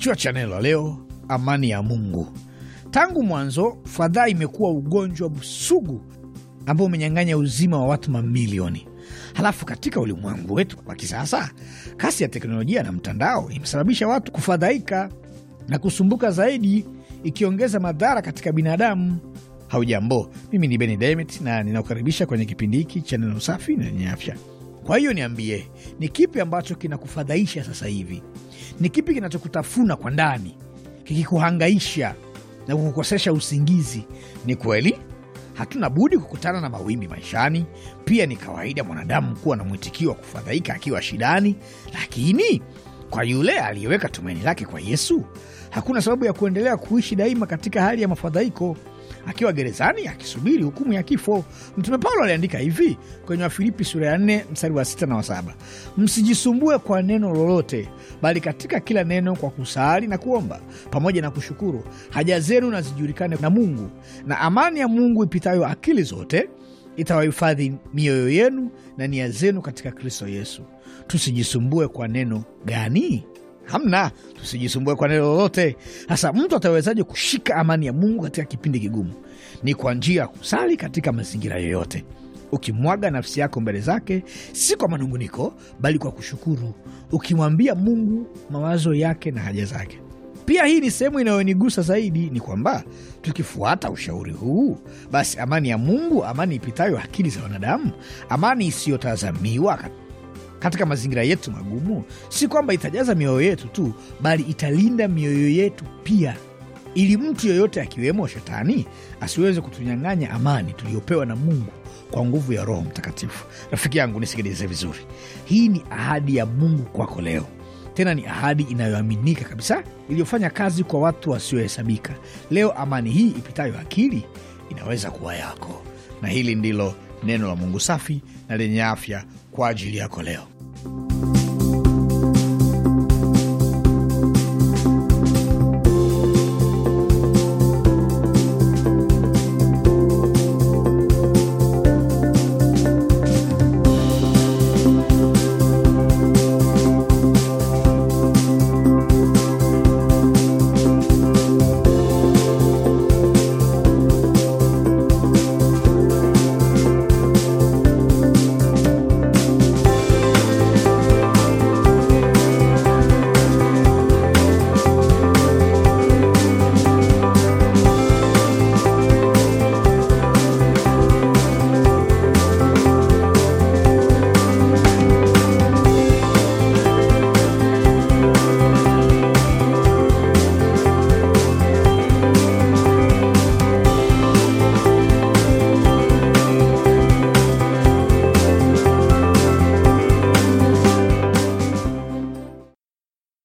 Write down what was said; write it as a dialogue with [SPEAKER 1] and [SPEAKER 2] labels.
[SPEAKER 1] Kichwa cha neno la leo: amani ya Mungu. Tangu mwanzo, fadhaa imekuwa ugonjwa sugu ambao umenyang'anya uzima wa watu mamilioni. Halafu katika ulimwengu wetu wa kisasa, kasi ya teknolojia na mtandao imesababisha watu kufadhaika na kusumbuka zaidi, ikiongeza madhara katika binadamu. Haujambo, mimi ni Beni Demet na ninakukaribisha kwenye kipindi hiki cha neno safi na lenye afya. Kwa hiyo niambie, ni kipi ambacho kinakufadhaisha sasa hivi? Ni kipi kinachokutafuna kwa ndani kikikuhangaisha na kukukosesha usingizi? Ni kweli hatuna budi kukutana na mawimbi maishani. Pia ni kawaida mwanadamu kuwa na mwitikio wa kufadhaika akiwa shidani, lakini kwa yule aliyeweka tumaini lake kwa Yesu, hakuna sababu ya kuendelea kuishi daima katika hali ya mafadhaiko akiwa gerezani akisubiri hukumu ya kifo. Mtume Paulo aliandika hivi kwenye Wafilipi sura ya 4 mstari wa 6 na wa 7: msijisumbue kwa neno lolote, bali katika kila neno kwa kusali na kuomba pamoja na kushukuru haja zenu na zijulikane na Mungu, na amani ya Mungu ipitayo akili zote itawahifadhi mioyo yenu na nia zenu katika Kristo Yesu. Tusijisumbue kwa neno gani? Hamna, tusijisumbue kwa neno lolote. Sasa mtu atawezaje kushika amani ya Mungu katika kipindi kigumu? Ni kwa njia ya kusali katika mazingira yoyote, ukimwaga nafsi yako mbele zake, si kwa manunguniko, bali kwa kushukuru, ukimwambia Mungu mawazo yake na haja zake. Pia hii ni sehemu inayonigusa zaidi, ni kwamba tukifuata ushauri huu, basi amani ya Mungu, amani ipitayo akili za wanadamu, amani isiyotazamiwa katika mazingira yetu magumu, si kwamba itajaza mioyo yetu tu, bali italinda mioyo yetu pia, ili mtu yoyote akiwemo shetani asiweze kutunyang'anya amani tuliyopewa na Mungu kwa nguvu ya Roho Mtakatifu. Rafiki yangu, nisikilize vizuri, hii ni ahadi ya Mungu kwako leo tena ni ahadi inayoaminika kabisa, iliyofanya kazi kwa watu wasiohesabika. Leo amani hii ipitayo akili inaweza kuwa yako, na hili ndilo neno la Mungu safi na lenye afya kwa ajili yako leo.